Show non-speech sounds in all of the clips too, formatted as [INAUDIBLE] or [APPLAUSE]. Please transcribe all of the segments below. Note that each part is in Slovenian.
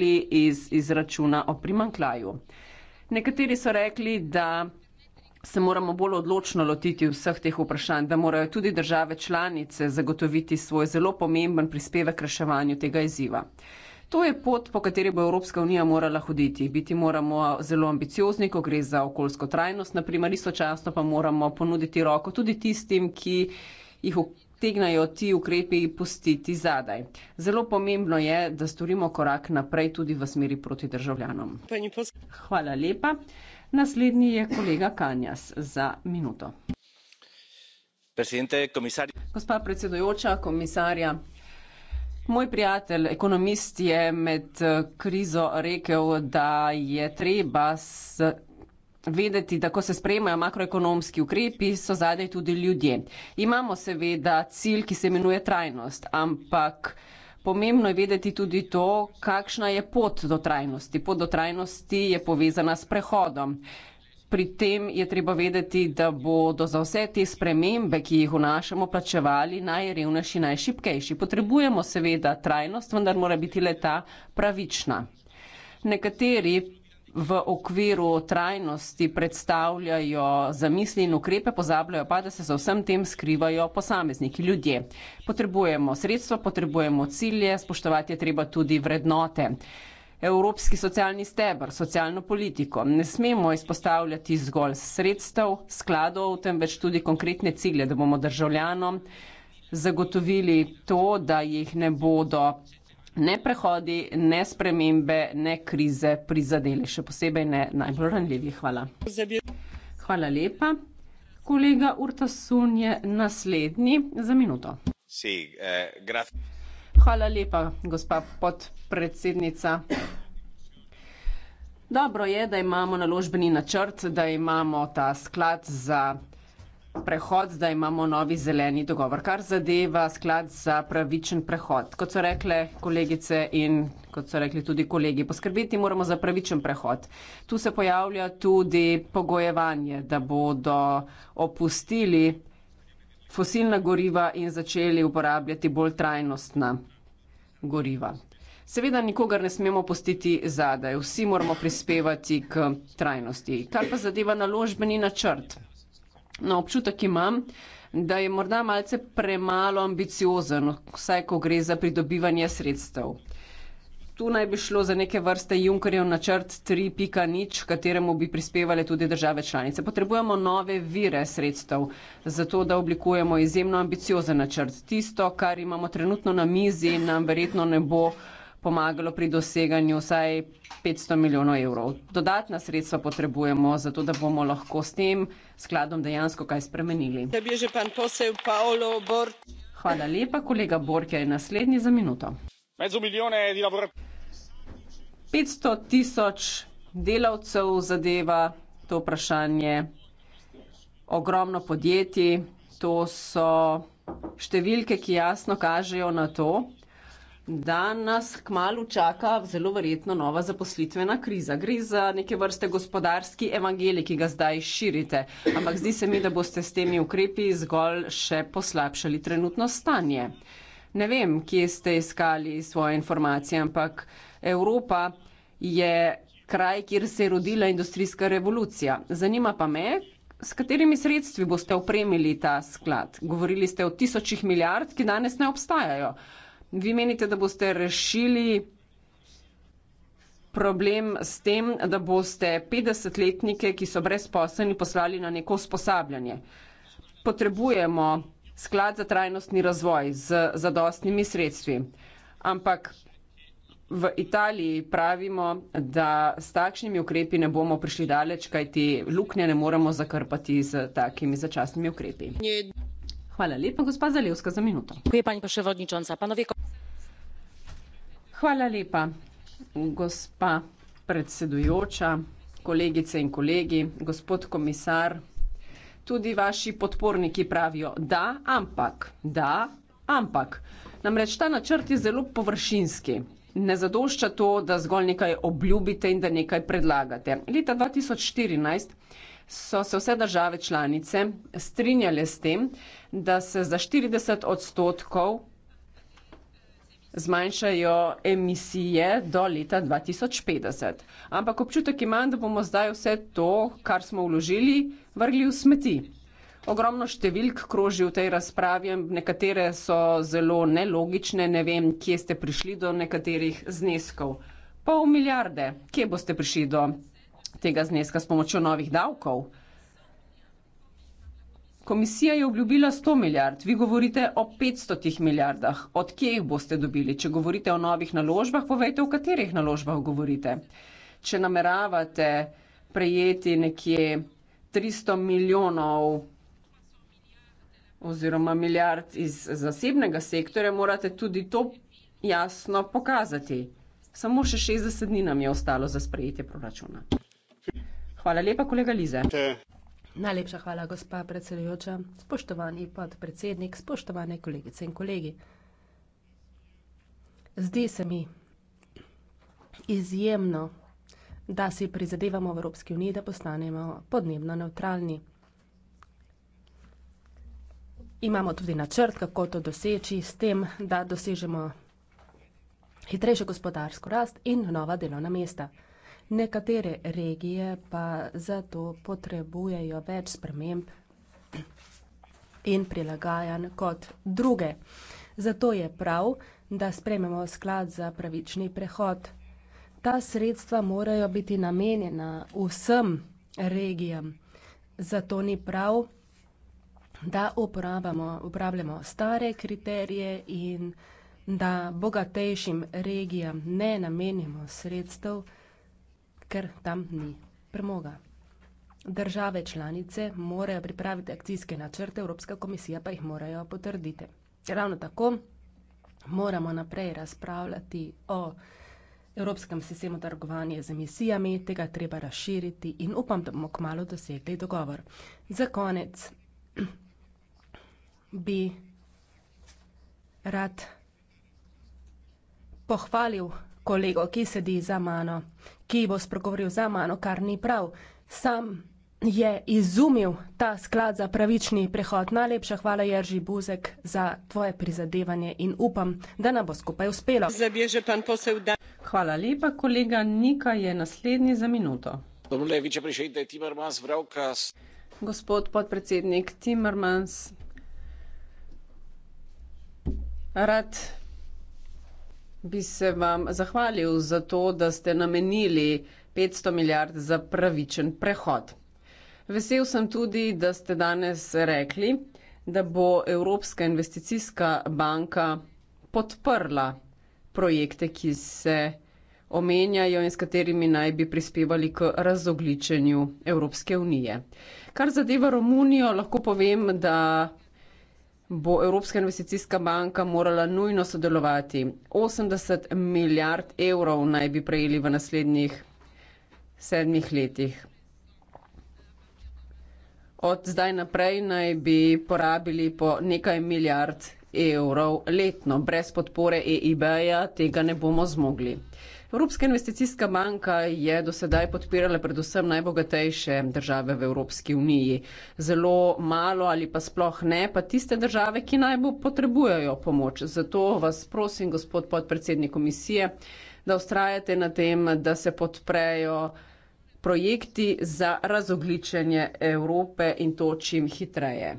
izhajali iz izračuna o primankljaju. Nekateri so rekli, da se moramo bolj odločno lotiti vseh teh vprašanj, da morajo tudi države članice zagotoviti svoj zelo pomemben prispevek k reševanju tega izziva. To je pot, po kateri bo Evropska unija morala hoditi. Biti moramo zelo ambiciozni, ko gre za okoljsko trajnost, naprimer istočasno pa moramo ponuditi roko tudi tistim, ki jih tegnajo ti ukrepi pustiti zadaj. Zelo pomembno je, da storimo korak naprej tudi v smeri proti državljanom. Hvala lepa. Naslednji je kolega Kanjas za minuto. Komisar... Gospa predsedujoča, komisarja. Moj prijatelj, ekonomist, je med eh, krizo rekel, da je treba s vedeti, da ko se sprejemajo makroekonomski ukrepi, so zadaj tudi ljudje. Imamo seveda cilj, ki se imenuje trajnost, ampak pomembno je vedeti tudi to, kakšna je pot do trajnosti. Pot do trajnosti je povezana s prehodom. Pri tem je treba vedeti, da bodo za vse te spremembe, ki jih vnašamo, plačevali najrevnejši, najšipkejši. Potrebujemo seveda trajnost, vendar mora biti le ta pravična. Nekateri v okviru trajnosti predstavljajo zamisli in ukrepe, pozabljajo pa, da se za vsem tem skrivajo posamezniki, ljudje. Potrebujemo sredstva, potrebujemo cilje, spoštovati je treba tudi vrednote. Evropski socialni stebr, socialno politiko. Ne smemo izpostavljati zgolj sredstev, skladov, temveč tudi konkretne cilje, da bomo državljanom zagotovili to, da jih ne bodo ne prehodi, ne spremembe, ne krize prizadeli, še posebej ne najbolj ranljivi. Hvala. Hvala lepa. Kolega Urta Sun je naslednji za minuto. Eh, Hvala lepa, gospa podpredsednica. Dobro je, da imamo naložbeni načrt, da imamo ta sklad za prehod, zdaj imamo novi zeleni dogovor, kar zadeva sklad za pravičen prehod. Kot so rekle kolegice in kot so rekli tudi kolegi, poskrbeti moramo za pravičen prehod. Tu se pojavlja tudi pogojevanje, da bodo opustili fosilna goriva in začeli uporabljati bolj trajnostna goriva. Seveda nikogar ne smemo postiti zadaj, vsi moramo prispevati k trajnosti. Kar pa zadeva naložbeni načrt, na no, občutek imam, da je morda malce premalo ambiciozen, vsaj ko gre za pridobivanje sredstev. Tu naj bi šlo za neke vrste Junkerjev načrt 3.0, kateremu bi prispevali tudi države članice. Potrebujemo nove vire sredstev, zato da oblikujemo izjemno ambiciozen načrt. Tisto, kar imamo trenutno na mizi, nam verjetno ne bo pomagalo pri doseganju vsaj 500 milijonov evrov. Dodatna sredstva potrebujemo, zato da bomo lahko s tem skladom dejansko kaj spremenili. Hvala lepa, kolega Borke, naslednji za minuto. 500 tisoč delavcev zadeva to vprašanje, ogromno podjetij, to so številke, ki jasno kažejo na to, da nas kmalo čaka zelo verjetno nova zaposlitvena kriza. Gre za neke vrste gospodarski evangelij, ki ga zdaj širite. Ampak zdi se mi, da boste s temi ukrepi zgolj še poslabšali trenutno stanje. Ne vem, kje ste iskali svoje informacije, ampak Evropa je kraj, kjer se je rodila industrijska revolucija. Zanima pa me, s katerimi sredstvi boste opremili ta sklad. Govorili ste o tisočih milijard, ki danes ne obstajajo. Vi menite, da boste rešili problem s tem, da boste 50-letnike, ki so brezposelni, poslali na neko usposabljanje. Potrebujemo sklad za trajnostni razvoj z zadostnimi sredstvi, ampak v Italiji pravimo, da s takšnimi ukrepi ne bomo prišli daleč, kajti luknje ne moremo zakrpati z takimi začasnimi ukrepi. Hvala lepa, gospa Zalevska, za minuto. Hvala lepa, gospa predsedujoča, kolegice in kolegi, gospod komisar. Tudi vaši podporniki pravijo, da, ampak, da, ampak. Namreč ta načrt je zelo površinski. Ne zadošča to, da zgolj nekaj obljubite in da nekaj predlagate. Leta 2014 so se vse države članice strinjale s tem, da se za 40 odstotkov zmanjšajo emisije do leta 2050. Ampak občutek imam, da bomo zdaj vse to, kar smo vložili, vrgli v smeti. Ogromno številk kroži v tej razpravi, nekatere so zelo nelogične, ne vem, kje ste prišli do nekaterih zneskov. Pol milijarde, kje boste prišli do tega zneska s pomočjo novih davkov? Komisija je obljubila 100 milijard, vi govorite o 500 milijardah. Od kje jih boste dobili? Če govorite o novih naložbah, povejte, o katerih naložbah govorite. Če nameravate prejeti nekje 300 milijonov oziroma milijard iz zasebnega sektorja, morate tudi to jasno pokazati. Samo še 60 dni nam je ostalo za sprejetje proračuna. Hvala lepa, kolega Lize. Najlepša hvala, gospa predsedujoča, spoštovani podpredsednik, spoštovane kolegice in kolegi. Zdi se mi izjemno, da si prizadevamo v Evropski uniji, da postanemo podnebno neutralni. Imamo tudi načrt, kako to doseči, s tem, da dosežemo hitrejšo gospodarsko rast in nova delovna mesta. Nekatere regije pa zato potrebujejo več sprememb in prilagajanj kot druge. Zato je prav, da sprememo sklad za pravični prehod. Ta sredstva morajo biti namenjena vsem regijam. Zato ni prav, da uporabljamo stare kriterije in da bogatejšim regijam ne namenimo sredstev, ker tam ni premoga. Države članice morajo pripraviti akcijske načrte, Evropska komisija pa jih morajo potrditi. Ravno tako moramo naprej razpravljati o Evropskem sistemu trgovanja z emisijami, tega treba razširiti in upam, da bomo kmalo dosegli dogovor. Za konec [CLEARS THROAT] bi rad pohvalil kolego, ki sedi za mano, ki bo spregovoril za mano, kar ni prav. Sam je izumil ta sklad za pravični prehod. Najlepša hvala, Jerži Buzek, za tvoje prizadevanje in upam, da nam bo skupaj uspelo. Hvala lepa, kolega Nika je naslednji za minuto. Gospod podpredsednik Timmermans, rad bi se vam zahvalil za to, da ste namenili 500 milijard za pravičen prehod. Vesel sem tudi, da ste danes rekli, da bo Evropska investicijska banka podprla projekte, ki se omenjajo in s katerimi naj bi prispevali k razogličenju Evropske unije. Kar zadeva Romunijo, lahko povem, da bo Evropska investicijska banka morala nujno sodelovati. 80 milijard evrov naj bi prejeli v naslednjih sedmih letih. Od zdaj naprej naj bi porabili po nekaj milijard evrov letno. Brez podpore EIB-ja tega ne bomo zmogli. Evropska investicijska banka je dosedaj podpirala predvsem najbogatejše države v Evropski uniji. Zelo malo ali pa sploh ne, pa tiste države, ki najbolj potrebujejo pomoč. Zato vas prosim, gospod podpredsednik komisije, da ustrajate na tem, da se podprejo projekti za razogličenje Evrope in to čim hitreje.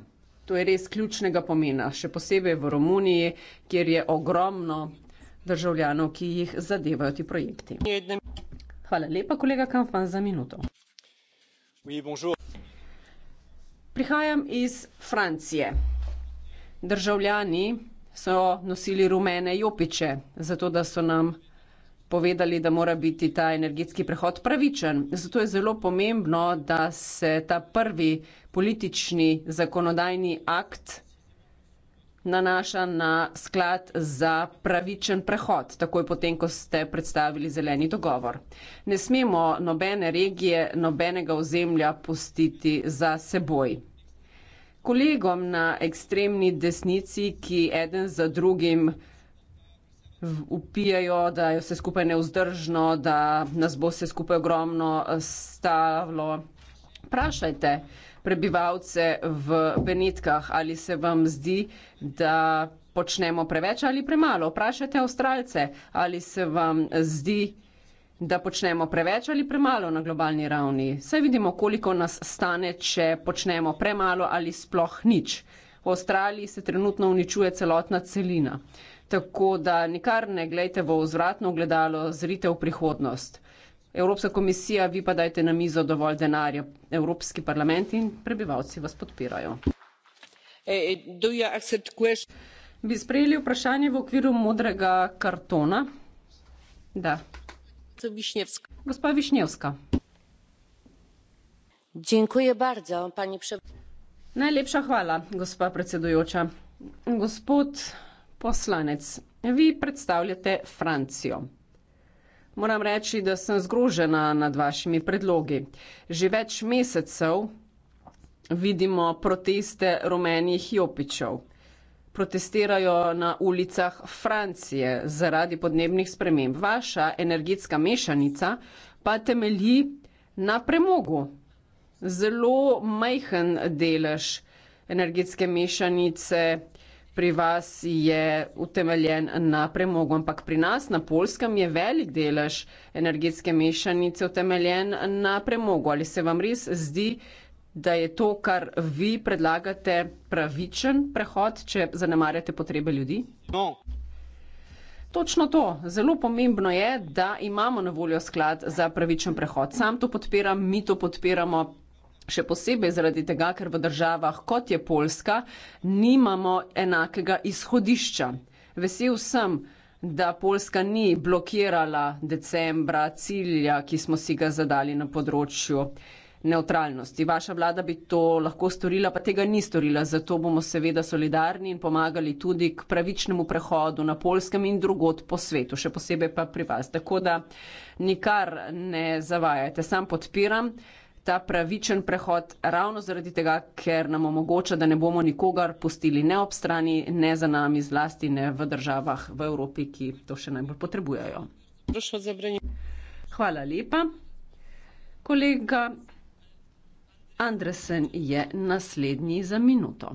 To je res ključnega pomena, še posebej v Romuniji, kjer je ogromno državljanov, ki jih zadevajo ti projekti. Hvala lepa, kolega Kanfan, za minuto. Prihajam iz Francije. Državljani so nosili rumene jopiče, zato da so nam povedali, da mora biti ta energetski prehod pravičen. Zato je zelo pomembno, da se ta prvi politični zakonodajni akt nanaša na sklad za pravičen prehod, takoj potem, ko ste predstavili zeleni dogovor. Ne smemo nobene regije, nobenega ozemlja pustiti za seboj. Kolegom na ekstremni desnici, ki eden za drugim upijajo, da je vse skupaj neuzdržno, da nas bo vse skupaj ogromno eh, stalo, vprašajte, prebivalce v Benetkah. Ali se vam zdi, da počnemo preveč ali premalo? Vprašajte avstralce, ali se vam zdi, da počnemo preveč ali premalo na globalni ravni. Saj vidimo, koliko nas stane, če počnemo premalo ali sploh nič. V Avstraliji se trenutno uničuje celotna celina. Tako da nikar ne gledajte v vzvratno gledalo, zrite v prihodnost. Evropska komisija, vi pa dajte na mizo dovolj denarja. Evropski parlament in prebivalci vas podpirajo. E, e, ja Bi sprejeli vprašanje v okviru modrega kartona? Da. Višnjevska. Gospa Višnjevska. Bardzo, pani pre... Najlepša hvala, gospa predsedujoča. Gospod poslanec, vi predstavljate Francijo. Moram reči, da sem zgrožena nad vašimi predlogi. Že več mesecev vidimo proteste rumenih jopičev. Protestirajo na ulicah Francije zaradi podnebnih sprememb. Vaša energetska mešanica pa temelji na premogu. Zelo majhen delež energetske mešanice pri vas je utemeljen na premogu, ampak pri nas na Polskem je velik delež energetske mešanice utemeljen na premogu. Ali se vam res zdi, da je to, kar vi predlagate, pravičen prehod, če zanemarjate potrebe ljudi? No. Točno to. Zelo pomembno je, da imamo na voljo sklad za pravičen prehod. Sam to podpiram, mi to podpiramo, še posebej zaradi tega, ker v državah, kot je Poljska, nimamo enakega izhodišča. Vesel sem, da Poljska ni blokirala decembra cilja, ki smo si ga zadali na področju neutralnosti. Vaša vlada bi to lahko storila, pa tega ni storila, zato bomo seveda solidarni in pomagali tudi k pravičnemu prehodu na Poljskem in drugot po svetu, še posebej pa pri vas. Tako da nikar ne zavajajte, sam podpiram ta pravičen prehod ravno zaradi tega, ker nam omogoča, da ne bomo nikogar pustili ne ob strani, ne za nami, zlasti ne v državah v Evropi, ki to še najbolj potrebujejo. Hvala lepa. Kolega Andresen je naslednji za minuto.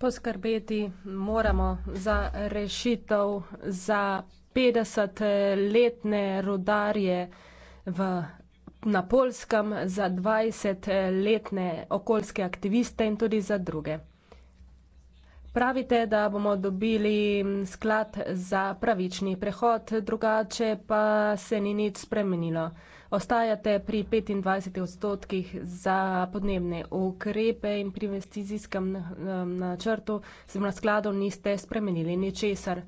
Poskrbeti moramo za rešitev za 50-letne rodarje v, na Polskem, za 20-letne okoljske aktiviste in tudi za druge. Pravite, da bomo dobili sklad za pravični prehod, drugače pa se ni nič spremenilo. Ostajate pri 25 odstotkih za podnebne ukrepe in pri investicijskem eh, načrtu se na skladu niste spremenili ničesar.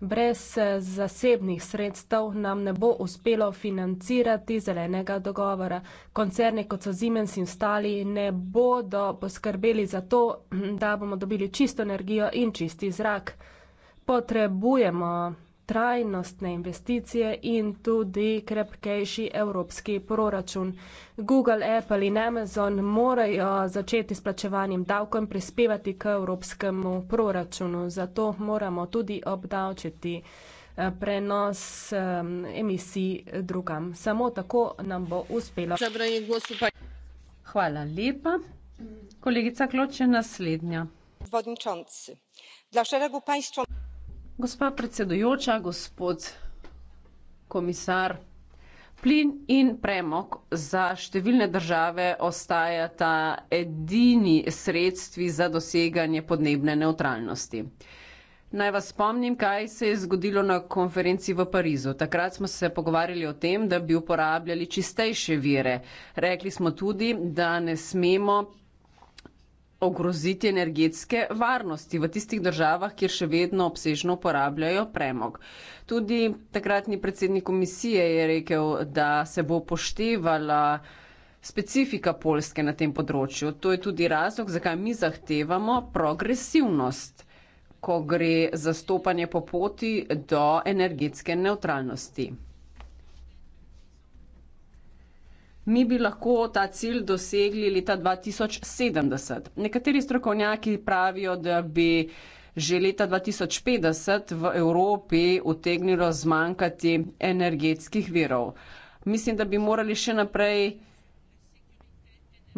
Brez eh, zasebnih sredstev nam ne bo uspelo financirati zelenega dogovora. Koncerni kot so Siemens in ostali ne bodo poskrbeli za to, [CLEARS THROAT] da bomo dobili čisto energijo in čisti zrak. Potrebujemo trajnostne investicije in tudi krepkejši evropski proračun. Google, Apple in Amazon morajo začeti s plačevanjem davkov in prispevati k evropskemu proračunu. Zato moramo tudi obdavčiti eh, prenos um, emisij drugam. Samo tako nam bo uspelo. Hvala lepa. Kolegica Kloč je naslednja. Vodničanci. Dla šeregu państwa. Gospa predsedujoča, gospod komisar, plin in premok za številne države ostajata edini sredstvi za doseganje podnebne neutralnosti. Naj vas spomnim, kaj se je zgodilo na konferenci v Parizu. Takrat smo se pogovarjali o tem, da bi uporabljali čistejše vire. Rekli smo tudi, da ne smemo ogroziti energetske varnosti v tistih državah, kjer še vedno obsežno uporabljajo premog. Tudi takratni predsednik komisije je rekel, da se bo poštevala specifika Polske na tem področju. To je tudi razlog, zakaj mi zahtevamo progresivnost, ko gre zastopanje po poti do energetske neutralnosti. mi bi lahko ta cilj dosegli leta 2070. Nekateri strokovnjaki pravijo, da bi že leta 2050 v Evropi utegnilo zmanjkati energetskih virov. Mislim, da bi morali še naprej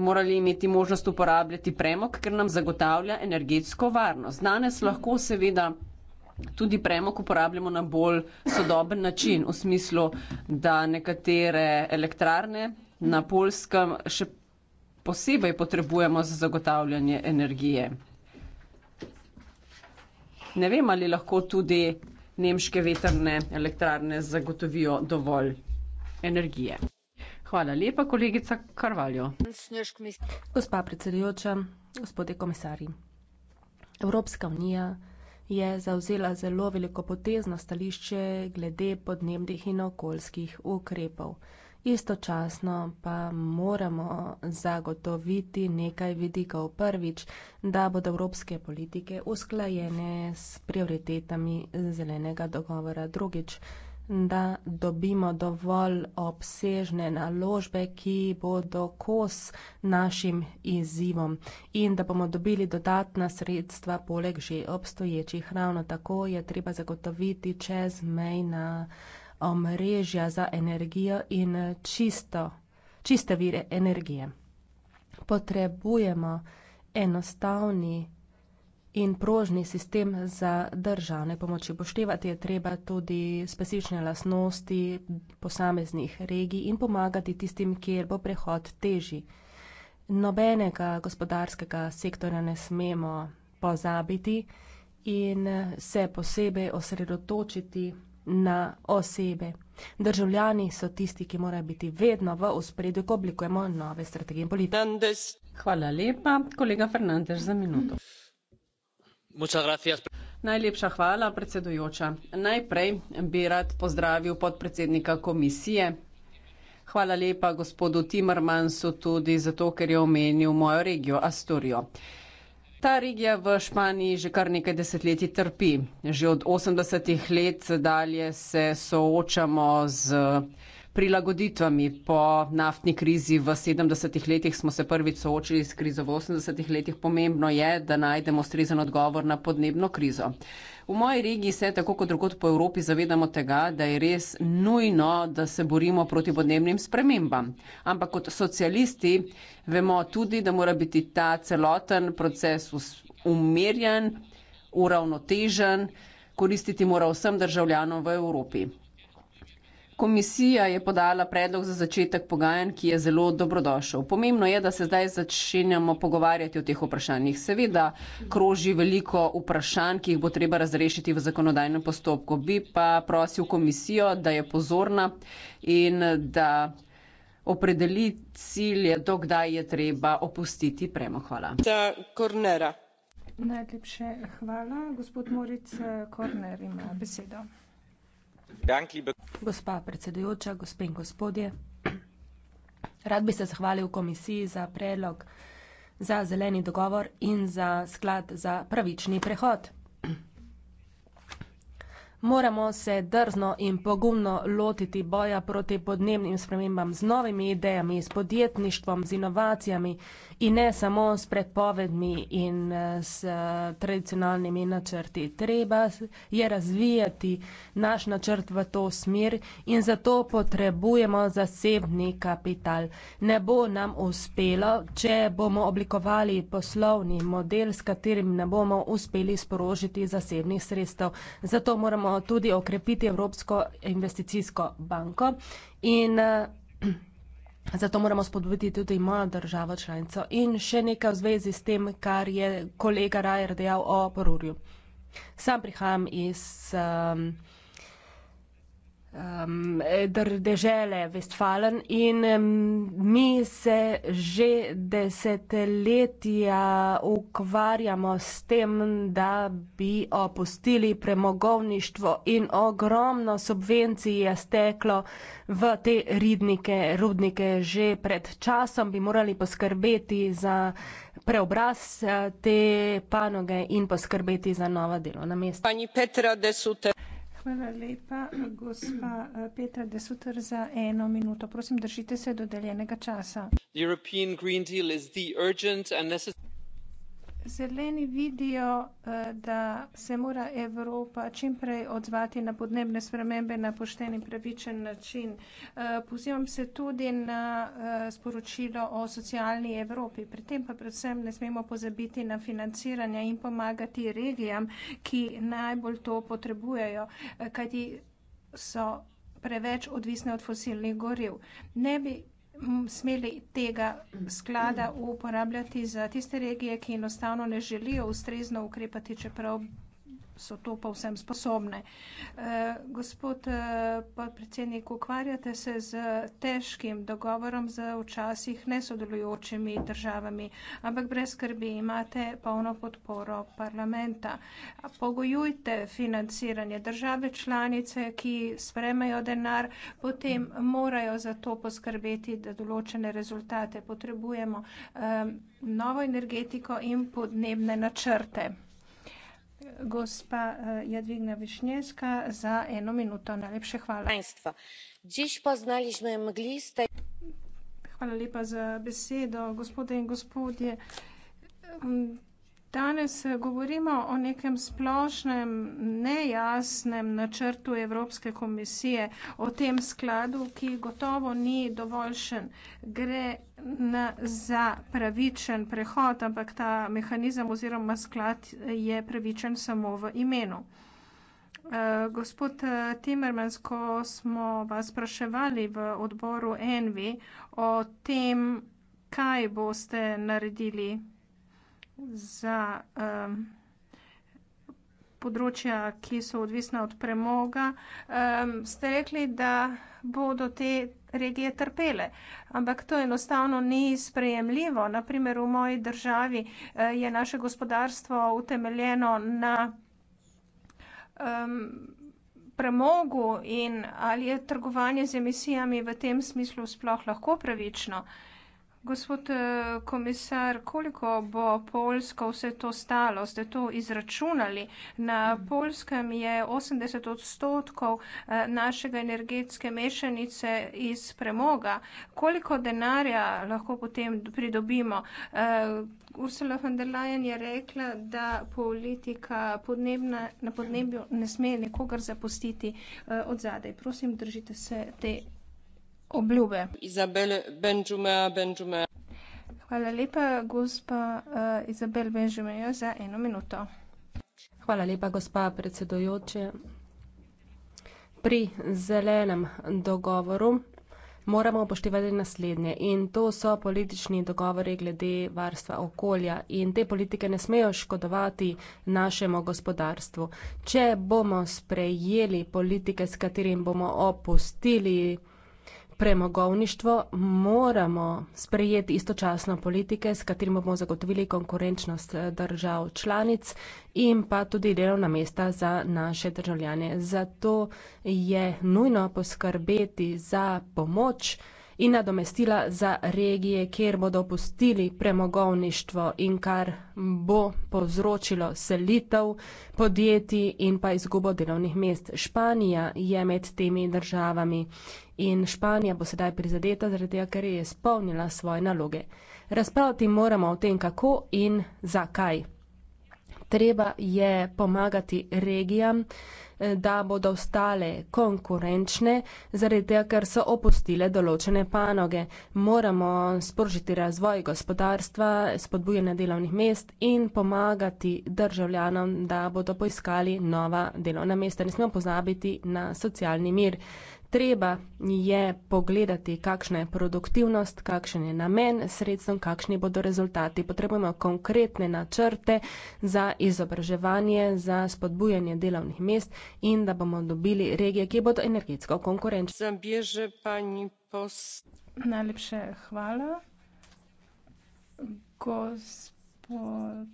morali imeti možnost uporabljati premog, ker nam zagotavlja energetsko varnost. Danes lahko seveda tudi premog uporabljamo na bolj sodoben način, v smislu, da nekatere elektrarne na polskem še posebej potrebujemo za zagotavljanje energije. Ne vem, ali lahko tudi nemške veterne elektrarne zagotovijo dovolj energije. Hvala lepa, kolegica Karvaljo. Gospa predsedujoča, gospodje komisarji. Evropska unija je zauzela zelo veliko potezno stališče glede podnebnih in okoljskih ukrepov istočasno pa moramo zagotoviti nekaj vidikov. Prvič, da bodo evropske politike usklajene s prioritetami zelenega dogovora. Drugič, da dobimo dovolj obsežne naložbe, ki bodo kos našim izzivom in da bomo dobili dodatna sredstva poleg že obstoječih. Ravno tako je treba zagotoviti čezmejna omrežja za energijo in čisto, čiste vire energije. Potrebujemo enostavni in prožni sistem za državne pomoči. Poštevati je treba tudi specifične lasnosti posameznih regij in pomagati tistim, kjer bo prehod teži. Nobenega gospodarskega sektora ne smemo pozabiti in se posebej osredotočiti na osebe. Državljani so tisti, ki morajo biti vedno v uspredju, ko oblikujemo nove strategije in politike. Hvala lepa, kolega Fernandez, za minuto. Najlepša hvala, predsedujoča. Najprej bi rad pozdravil podpredsednika komisije. Hvala lepa gospodu Timmermansu tudi zato, ker je omenil mojo regijo Asturijo. Ta regija v Španiji že kar nekaj desetletji trpi. Že od 80-ih let dalje se soočamo z prilagoditvami. Po naftni krizi v 70-ih letih smo se prvič soočili s krizo v 80-ih letih. Pomembno je, da najdemo strezen odgovor na podnebno krizo. V moji regiji se, tako kot drugot po Evropi, zavedamo tega, da je res nujno, da se borimo proti podnebnim spremembam. Ampak kot socialisti vemo tudi, da mora biti ta celoten proces umirjen, uravnotežen, koristiti mora vsem državljanom v Evropi. Komisija je podala predlog za začetek pogajanj, ki je zelo dobrodošel. Pomembno je, da se zdaj začenjamo pogovarjati o teh vprašanjih. Seveda kroži veliko vprašanj, ki jih bo treba razrešiti v zakonodajnem postopku. Bi pa prosil komisijo, da je pozorna in da opredeli cilje, dokdaj je treba opustiti premo. Hvala. Najlepše hvala. Gospod Moric eh, Korner ima besedo. Gospa predsedujoča, gospe in gospodje, rad bi se zahvalil komisiji za predlog za zeleni dogovor in za sklad za pravični prehod. Moramo se drzno in pogumno lotiti boja proti podnebnim spremembam z novimi idejami, s podjetništvom, z inovacijami in ne samo s predpovedmi in eh, s eh, tradicionalnimi načrti. Treba je razvijati naš načrt v to smer in zato potrebujemo zasebni kapital. Ne bo nam uspelo, če bomo oblikovali poslovni model, s katerim ne bomo uspeli sporožiti zasebnih sredstev. Zato moramo moramo tudi okrepiti Evropsko investicijsko banko in eh, Zato moramo spodbuditi tudi mojo državo članico. In še nekaj v zvezi s tem, kar je kolega Rajer dejal o Porurju. Sam prihajam iz um, um, dežele Vestfalen in um, mi se že desetletja ukvarjamo s tem, da bi opustili premogovništvo in ogromno subvencij je steklo v te ridnike, rudnike. Že pred časom bi morali poskrbeti za preobraz uh, te panoge in poskrbeti za nova delovna mesta. Hvala lepa, gospa eh, Petra Desuter, za eno minuto. Prosim, držite se dodeljenega časa zeleni vidijo, eh, da se mora Evropa čimprej odzvati na podnebne spremembe na pošten in pravičen način. Eh, pozivam se tudi na eh, sporočilo o socialni Evropi. Pri tem pa predvsem ne smemo pozabiti na financiranje in pomagati regijam, ki najbolj to potrebujejo, kajti so preveč odvisne od fosilnih goriv. Ne bi smeli tega sklada uporabljati za tiste regije, ki enostavno ne želijo ustrezno ukrepati, čeprav so to pa vsem sposobne. Eh, gospod eh, podpredsednik, ukvarjate se z težkim dogovorom z včasih nesodelujočimi državami, ampak brez skrbi imate polno podporo parlamenta. Pogojujte financiranje države članice, ki spremajo denar, potem morajo za to poskrbeti, da določene rezultate potrebujemo. Eh, novo energetiko in podnebne načrte gospa eh, jadwiga wiśniewska za eno minuto. najlepša hvala. dziś poznaliśmy mgliste. hvala lepa za besedo gospe in gospodje. Danes eh, govorimo o nekem splošnem, nejasnem načrtu Evropske komisije, o tem skladu, ki gotovo ni dovoljšen. Gre na, za pravičen prehod, ampak ta mehanizem oziroma sklad je pravičen samo v imenu. Uh, gospod eh, Timmermans, ko smo vas spraševali v odboru Envi o tem, kaj boste naredili za um, področja, ki so odvisna od premoga, um, ste rekli, da bodo te regije trpele. Ampak to enostavno ni sprejemljivo. Naprimer, v moji državi eh, je naše gospodarstvo utemeljeno na um, premogu in ali je trgovanje z emisijami v tem smislu sploh lahko pravično. Um, Gospod eh, komisar, koliko bo Poljsko vse to stalo? Ste to izračunali? Na Poljskem je 80 odstotkov eh, našega energetske mešanice iz premoga. Koliko denarja lahko potem pridobimo? Eh, Ursula von der Leyen je rekla, da politika podnebna, na podnebju ne sme nikogar zapustiti od zadej. Prosim, držite se te obljube. Hvala lepa, gospa uh, Izabel Benjumejo, ja, za eno minuto. Hvala lepa, gospa predsedujoče. Pri zelenem dogovoru moramo upoštevati naslednje in to so politični dogovori glede varstva okolja in te politike ne smejo škodovati našemu gospodarstvu. Če bomo sprejeli politike, s katerim bomo opustili premogovništvo, moramo sprejeti istočasno politike, s katerimi bomo zagotovili konkurenčnost eh, držav članic in pa tudi delovna mesta za naše državljane. Zato je nujno poskrbeti za pomoč in nadomestila za regije, kjer bodo opustili premogovništvo in kar bo povzročilo selitev podjetij in pa izgubo delovnih mest. Španija je med temi državami in Španija bo sedaj prizadeta zaradi tega, ker je izpolnila svoje naloge. Razpravljati moramo o tem, kako in zakaj. Treba je pomagati regijam, da bodo ostale konkurenčne, zaradi tega, ker so opustile določene panoge. Moramo sprožiti razvoj gospodarstva, spodbujanje delovnih mest in pomagati državljanom, da bodo poiskali nova delovna mesta. Ne smemo pozabiti na socialni mir treba je pogledati, kakšna je produktivnost, kakšen je namen sredstvom, kakšni bodo rezultati. Potrebujemo konkretne načrte za izobraževanje, za spodbujanje delovnih mest in da bomo dobili regije, ki bodo energetsko konkurenčne. Pos... Najlepše hvala. Gospod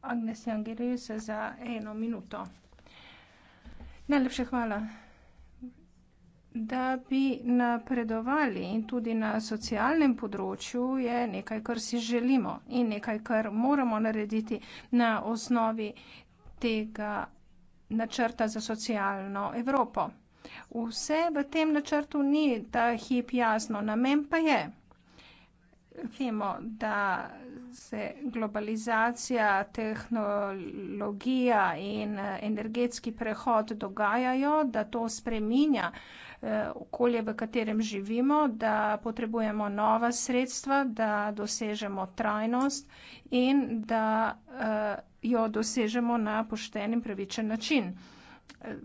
Agnes Jangiri se za eno minuto. Najlepše hvala. Da bi napredovali in tudi na socialnem področju je nekaj, kar si želimo in nekaj, kar moramo narediti na osnovi tega načrta za socialno Evropo. Vse v tem načrtu ni ta hip jasno, namen pa je. Vemo, da se globalizacija, tehnologija in energetski prehod dogajajo, da to spreminja Eh, okolje, v katerem živimo, da potrebujemo nova sredstva, da dosežemo trajnost in da eh, jo dosežemo na pošten in pravičen način. Eh,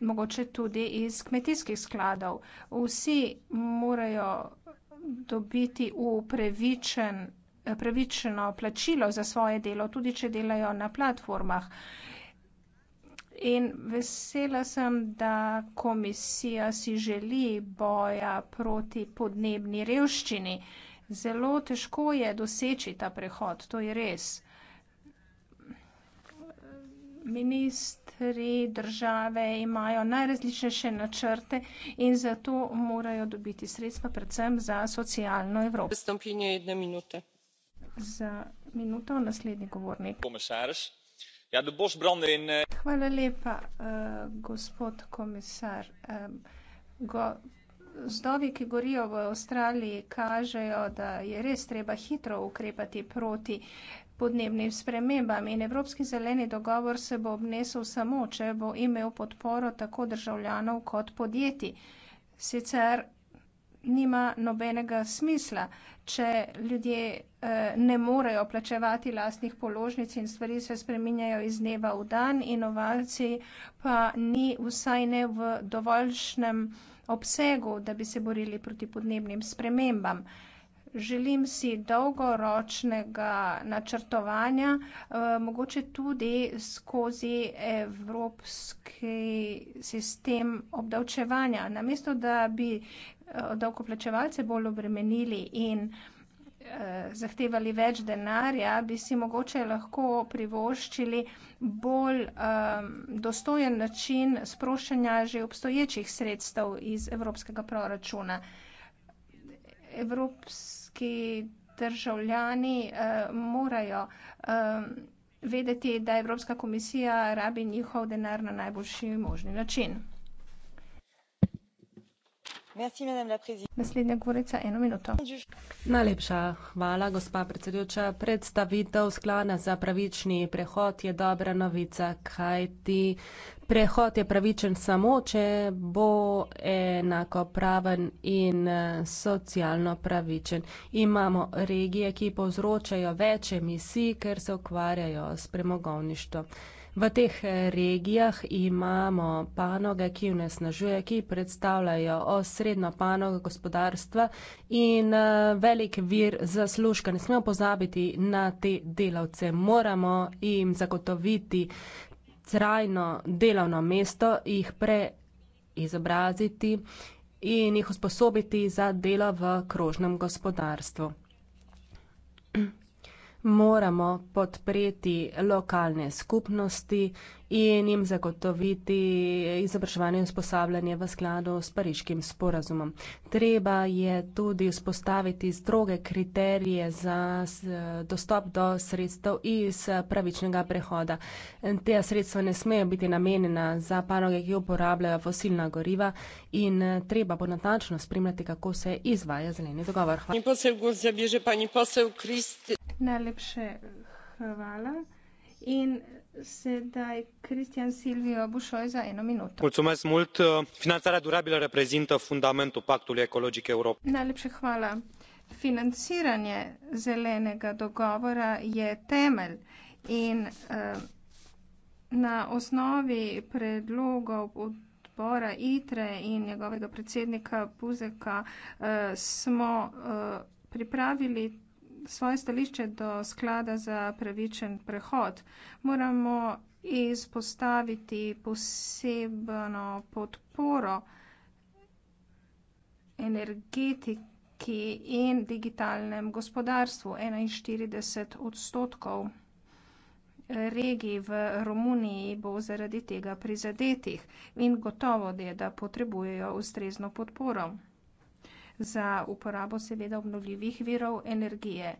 mogoče tudi iz kmetijskih skladov. Vsi morajo dobiti v pravičen, pravično plačilo za svoje delo, tudi če delajo na platformah. In vesela sem, da komisija si želi boja proti podnebni revščini. Zelo težko je doseči ta prehod, to je res. Ministri države imajo najrazličnejše načrte in zato morajo dobiti sredstva predvsem za socialno Evropo. Za minuto naslednji govornik. Komisarz. Ja, de bosbranden in. Uh... Hvala lepa, uh, gospod komisar. Um, go, zdovi, ki gorijo v Avstraliji, kažejo, da je res treba hitro ukrepati proti podnebnim spremembam in Evropski zeleni dogovor se bo obnesel samo, če bo imel podporo tako državljanov kot podjetij. Sicer nima nobenega smisla, če ljudje eh, ne morejo plačevati lastnih položnic in stvari se spreminjajo iz dneva v dan, inovacij pa ni vsaj ne v dovoljšnem obsegu, da bi se borili proti podnebnim spremembam. Želim si dolgoročnega načrtovanja, eh, mogoče tudi skozi evropski sistem obdavčevanja. Namesto, da bi eh, davkoplačevalce bolj obremenili in eh, zahtevali več denarja, bi si mogoče lahko privoščili bolj um, dostojen način sproščanja že obstoječih sredstev iz evropskega proračuna. Evropski državljani uh, morajo um, vedeti, da Evropska komisija rabi njihov denar na najboljši možni način. Najlepša hvala, gospa predsedujoča. Predstavitev sklada za pravični prehod je dobra novica, kajti prehod je pravičen samo, če bo enakopraven in socialno pravičen. Imamo regije, ki povzročajo več emisij, ker se ukvarjajo s premogovništvom. V teh regijah imamo panoge, ki vnesnažuje, ki predstavljajo osredno panogo gospodarstva in eh, velik vir zaslužka. Ne smemo pozabiti na te delavce. Moramo jim zagotoviti trajno delovno mesto, jih preizobraziti in jih usposobiti za delo v krožnem gospodarstvu moramo podpreti lokalne skupnosti in jim zagotoviti izobraževanje in usposabljanje v skladu s pariškim sporazumom. Treba je tudi vzpostaviti stroge kriterije za dostop do sredstev iz pravičnega prehoda. Te sredstva ne smejo biti namenjena za panoge, ki uporabljajo fosilna goriva in eh, treba bo natančno spremljati, kako se izvaja zeleni dogovor. Hvala. Najlepše hvala. In sedaj Cristian Silvio Bușoi za eno minuto. Mulțumesc mult. Finanțarea durabilă reprezintă fundamentul Pactului Ecologic Europa. Najlepše hvala. Financiranje zelenega dogovora je temelj in uh, na osnovi predlogov odbora ITRE in njegovega predsednika Puzeka uh, eh, smo uh, pripravili svoje stališče do sklada za pravičen prehod, moramo izpostaviti posebno podporo energetiki in digitalnem gospodarstvu. 41 odstotkov regij v Romuniji bo zaradi tega prizadetih in gotovo je, da potrebujejo ustrezno podporo za uporabo seveda obnovljivih virov energije.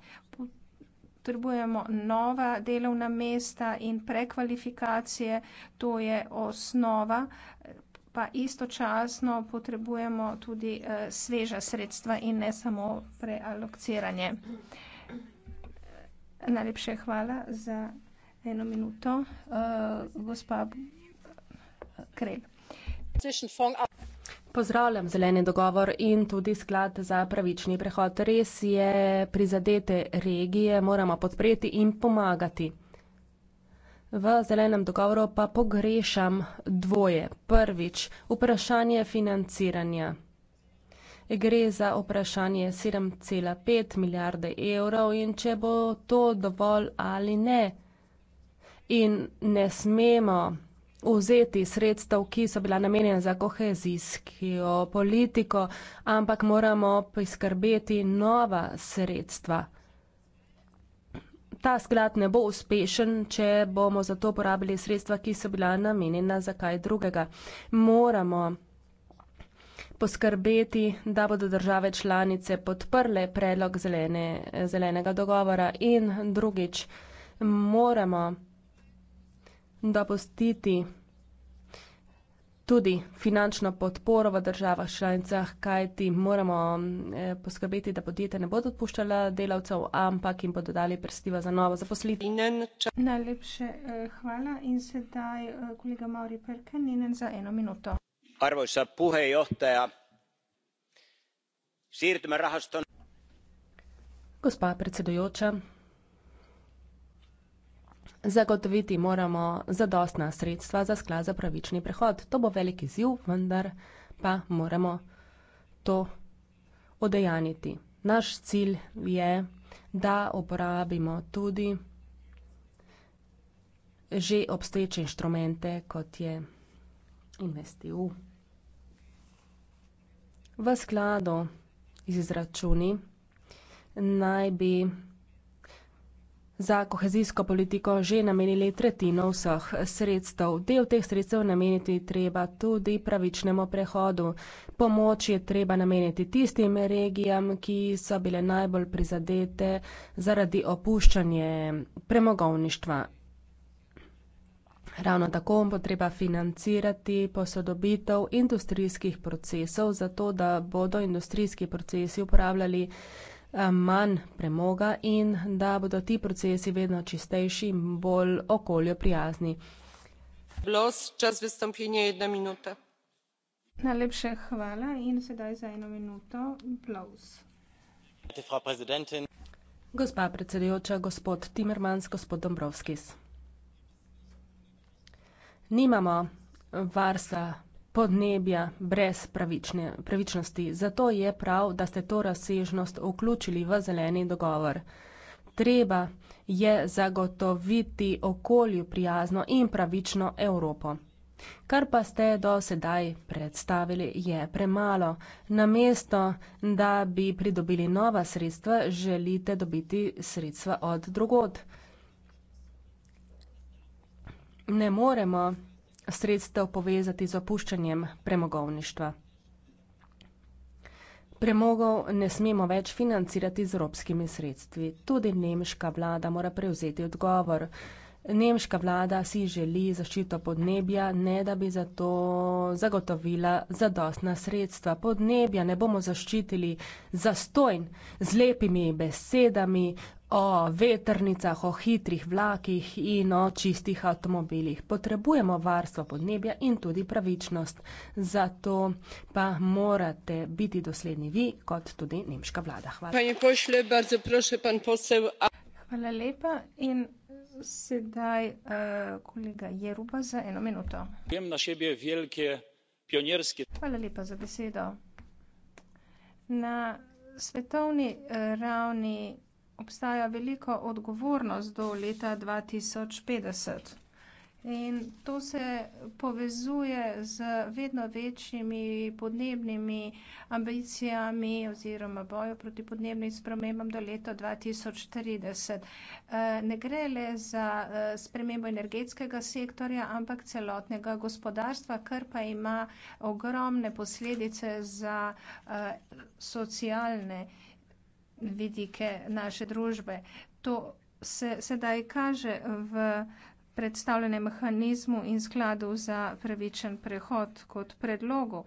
Potrebujemo nova delovna mesta in prekvalifikacije, to je osnova, pa istočasno potrebujemo tudi eh, sveža sredstva in ne samo prealokciranje. Najlepše hvala za eno minuto. Eh, gospa Krelj. Pozdravljam zeleni dogovor in tudi sklad za pravični prehod. Res je, prizadete regije moramo podpreti in pomagati. V zelenem dogovoru pa pogrešam dvoje. Prvič, vprašanje financiranja. Gre za vprašanje 7,5 milijarde evrov in če bo to dovolj ali ne. In ne smemo vzeti sredstev, ki so bila namenjena za kohezijsko politiko, ampak moramo priskrbeti nova sredstva. Ta sklad ne bo uspešen, če bomo za to porabili sredstva, ki so bila namenjena za kaj drugega. Moramo poskrbeti, da bodo države članice podprle predlog zelene, zelenega dogovora in drugič moramo da postiti tudi finančno podporo v državah članicah, kajti moramo mm, eh, poskrbeti, da podjetja ne bodo odpuščala delavcev, ampak jim bodo dali prestiva za novo zaposlitev. Najlepše eh, hvala in sedaj eh, kolega Mauri Perken in za eno minuto. Arvoisa puhejohtaja, siirtymärahaston. Gospa predsedujoča, Zagotoviti moramo zadostna sredstva za sklad za pravični prehod. To bo veliki ziv, vendar pa moramo to odejaniti. Naš cilj je, da uporabimo tudi že obstoječe inštrumente, kot je investiv. V skladu z izračuni naj bi Za kohezijsko politiko že namenili tretjino vseh sredstev. Del teh sredstev nameniti treba tudi pravičnemu prehodu. Pomoč je treba nameniti tistim regijam, ki so bile najbolj prizadete zaradi opuščanje premogovništva. Ravno tako bo treba financirati posodobitev industrijskih procesov, zato da bodo industrijski procesi uporabljali Eh, manj premoga in da bodo ti procesi vedno čistejši in bolj okolju prijazni. gospa predsedujoča, gospod Timmermans, gospod Dombrovskis. Nimamo varstva podnebja brez pravične, pravičnosti. Zato je prav, da ste to razsežnost vključili v zeleni dogovor. Treba je zagotoviti okolju prijazno in pravično Evropo. Kar pa ste do sedaj predstavili, je premalo. Namesto, da bi pridobili nova sredstva, želite dobiti sredstva od drugod. Ne moremo sredstev povezati z opuščanjem premogovništva. Premogov ne smemo več financirati z evropskimi sredstvi. Tudi nemška vlada mora prevzeti odgovor. Nemška vlada si želi zaščito podnebja, ne da bi zato zagotovila zadostna sredstva. Podnebja ne bomo zaščitili zastojn z lepimi besedami, o vetrnicah, o hitrih vlakih in o čistih avtomobilih. Potrebujemo varstvo podnebja in tudi pravičnost. Zato pa morate biti dosledni vi, kot tudi nemška vlada. Hvala. Pošle, zaprošen, pan posel, a... Hvala lepa in sedaj uh, kolega Jeruba za eno minuto. Vem na sebi velike pionirske. Hvala lepa za besedo. Na svetovni e, ravni obstaja veliko odgovornost do leta 2050. In to se povezuje z vedno večjimi podnebnimi ambicijami oziroma bojo proti podnebnim spremembam do leta 2030. Eh, ne gre le za eh, spremembo energetskega sektorja, ampak celotnega gospodarstva, kar pa ima ogromne posledice za eh, socialne vidike naše družbe. To se sedaj kaže v predstavljenem mehanizmu in skladu za pravičen prehod kot predlogu.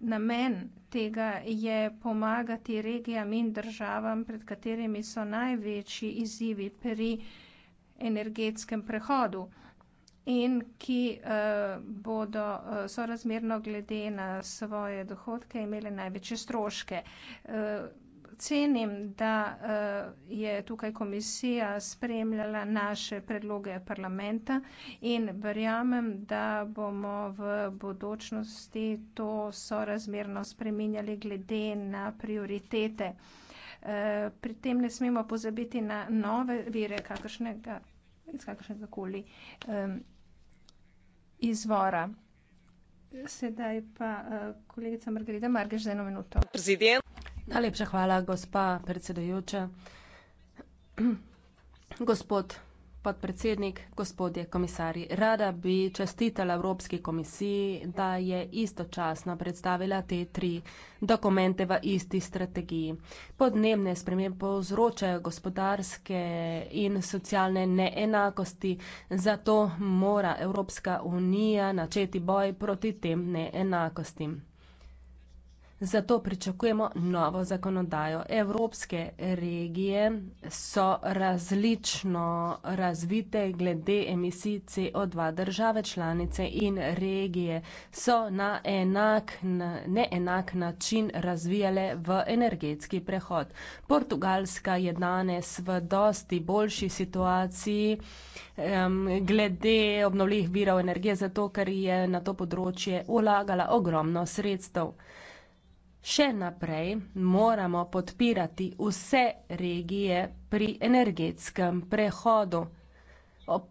Namen tega je pomagati regijam in državam, pred katerimi so največji izzivi pri energetskem prehodu in ki uh, bodo uh, sorazmerno glede na svoje dohodke imeli največje stroške. Uh, cenim, da uh, je tukaj komisija spremljala naše predloge parlamenta in verjamem, da bomo v bodočnosti to sorazmerno spreminjali glede na prioritete. Uh, pri tem ne smemo pozabiti na nove vire kakršnega, iz kakršnega koli um, izvora. Sedaj pa uh, kolegica Margarida Margež za eno minuto. Prezident. Najlepša hvala, gospa predsedujoča. [CLEARS THROAT] Gospod podpredsednik, gospodje komisarji. Rada bi čestitala Evropski komisiji, da je istočasno predstavila te tri dokumente v isti strategiji. Podnebne spremembe povzročajo gospodarske in socialne neenakosti, zato mora Evropska unija načeti boj proti tem neenakostim. Zato pričakujemo novo zakonodajo. Evropske regije so različno razvite glede emisij CO2. Države članice in regije so na enak, na neenak način razvijale v energetski prehod. Portugalska je danes v dosti boljši situaciji um, glede obnovljivih virov energije, zato ker je na to področje ulagala ogromno sredstev še naprej moramo podpirati vse regije pri energetskem prehodu.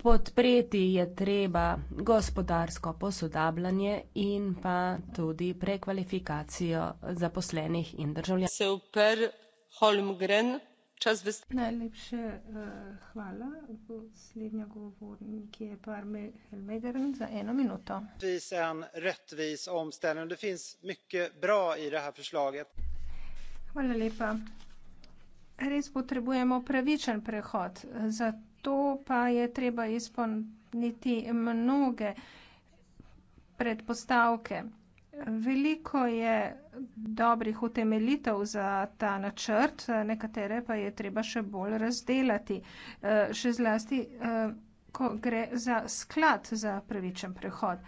Podpreti je treba gospodarsko posodabljanje in pa tudi prekvalifikacijo zaposlenih in državljanov čas v stiku. Najlepše uh, hvala. Slednja govornik je Parme Helmegeren za eno minuto. Vis en rettvis omstelen. Det finns mycket bra i det här förslaget. Hvala lepa. Res potrebujemo pravičen prehod, zato pa je treba izpolniti mnoge predpostavke. Veliko je dobrih utemeljitev za ta načrt, nekatere pa je treba še bolj razdelati. Eh, še zlasti, eh, ko gre za sklad za pravičen prehod.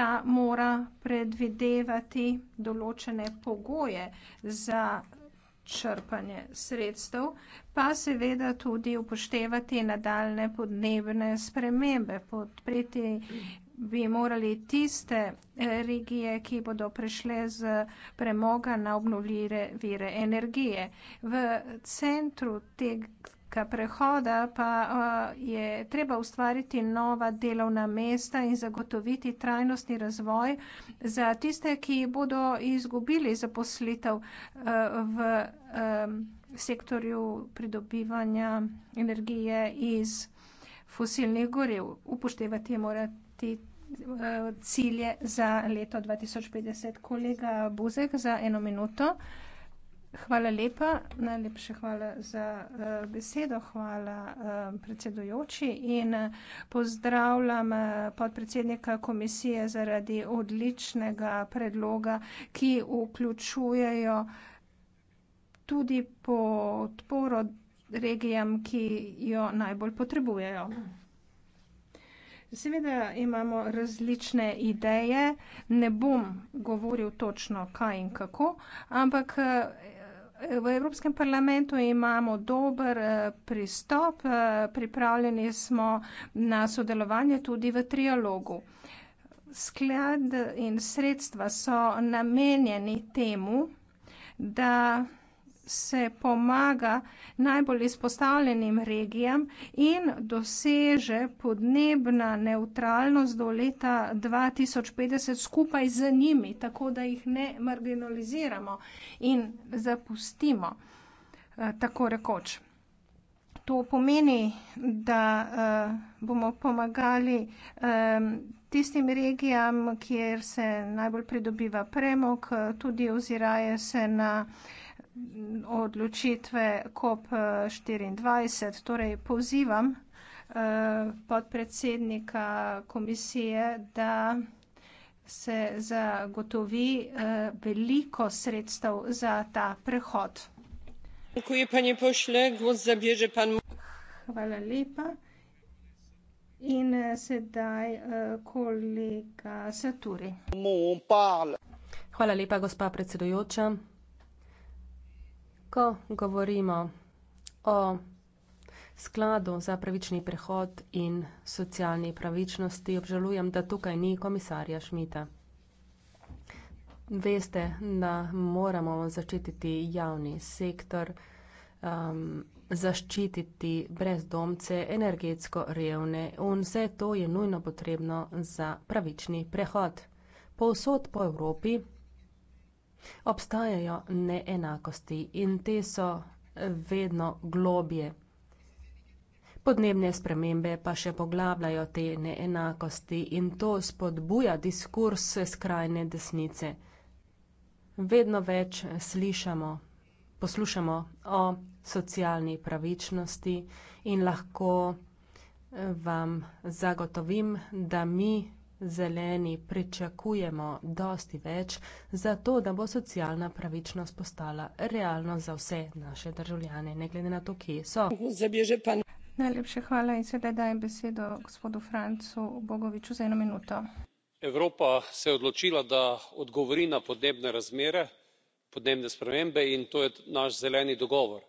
Ta mora predvidevati določene pogoje za črpanje sredstev, pa seveda tudi upoštevati nadaljne podnebne spremembe, podpreti bi morali tiste eh, regije, ki bodo prišle z premoga na obnovljive vire energije. V centru tega prehoda pa eh, je treba ustvariti nova delovna mesta in zagotoviti trajnostni razvoj za tiste, ki bodo izgubili zaposlitev eh, v sektorju pridobivanja energije iz fosilnih goriv. Upoštevati morate te eh, cilje za leto 2050. Kolega Buzek, za eno minuto. Hvala lepa, najlepše hvala za uh, besedo, hvala uh, predsedujoči in pozdravljam uh, podpredsednika komisije zaradi odličnega predloga, ki vključujejo tudi podporo regijam, ki jo najbolj potrebujejo. Seveda imamo različne ideje, ne bom govoril točno kaj in kako, ampak eh, v Evropskem parlamentu imamo dober eh, pristop, eh, pripravljeni smo na sodelovanje tudi v trialogu. Sklad in sredstva so namenjeni temu, da se pomaga najbolj izpostavljenim regijam in doseže podnebna neutralnost do leta 2050 skupaj z njimi, tako da jih ne marginaliziramo in zapustimo, eh, tako rekoč. To pomeni, da eh, bomo pomagali eh, tistim regijam, kjer se najbolj pridobiva premog, tudi oziraje se na odločitve COP24. Torej pozivam eh, podpredsednika komisije, da se zagotovi eh, veliko sredstev za ta prehod. Hvala lepa. In eh, sedaj kolega Saturi. Hvala lepa, gospa predsedujoča. Ko govorimo o skladu za pravični prehod in socialni pravičnosti, obžalujem, da tukaj ni komisarja Šmita. Veste, da moramo začetiti javni sektor, um, zaščititi brezdomce, energetsko revne in vse to je nujno potrebno za pravični prehod. Povsod po Evropi Obstajajo neenakosti in te so vedno globje. Podnebne spremembe pa še poglabljajo te neenakosti in to spodbuja diskurs skrajne desnice. Vedno več slišamo, poslušamo o socialni pravičnosti in lahko eh, vam zagotovim, da mi Zeleni pričakujemo dosti več, zato da bo socialna pravičnost postala realnost za vse naše državljane, ne glede na to, kje so. Najlepše hvala in sedaj dajem besedo gospodu Francu Bogoviču za eno minuto. Evropa se je odločila, da odgovori na podnebne razmere, podnebne spremembe in to je naš zeleni dogovor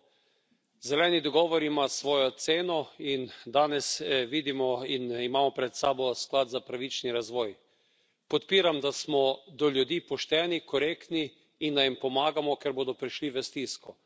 zeleni dogovor ima svojo ceno in danes eh, vidimo in imamo pred sabo sklad za pravični razvoj. podpiram da smo do ljudi pošteni korektni in da jim pomagamo ker bodo prišli v stisko.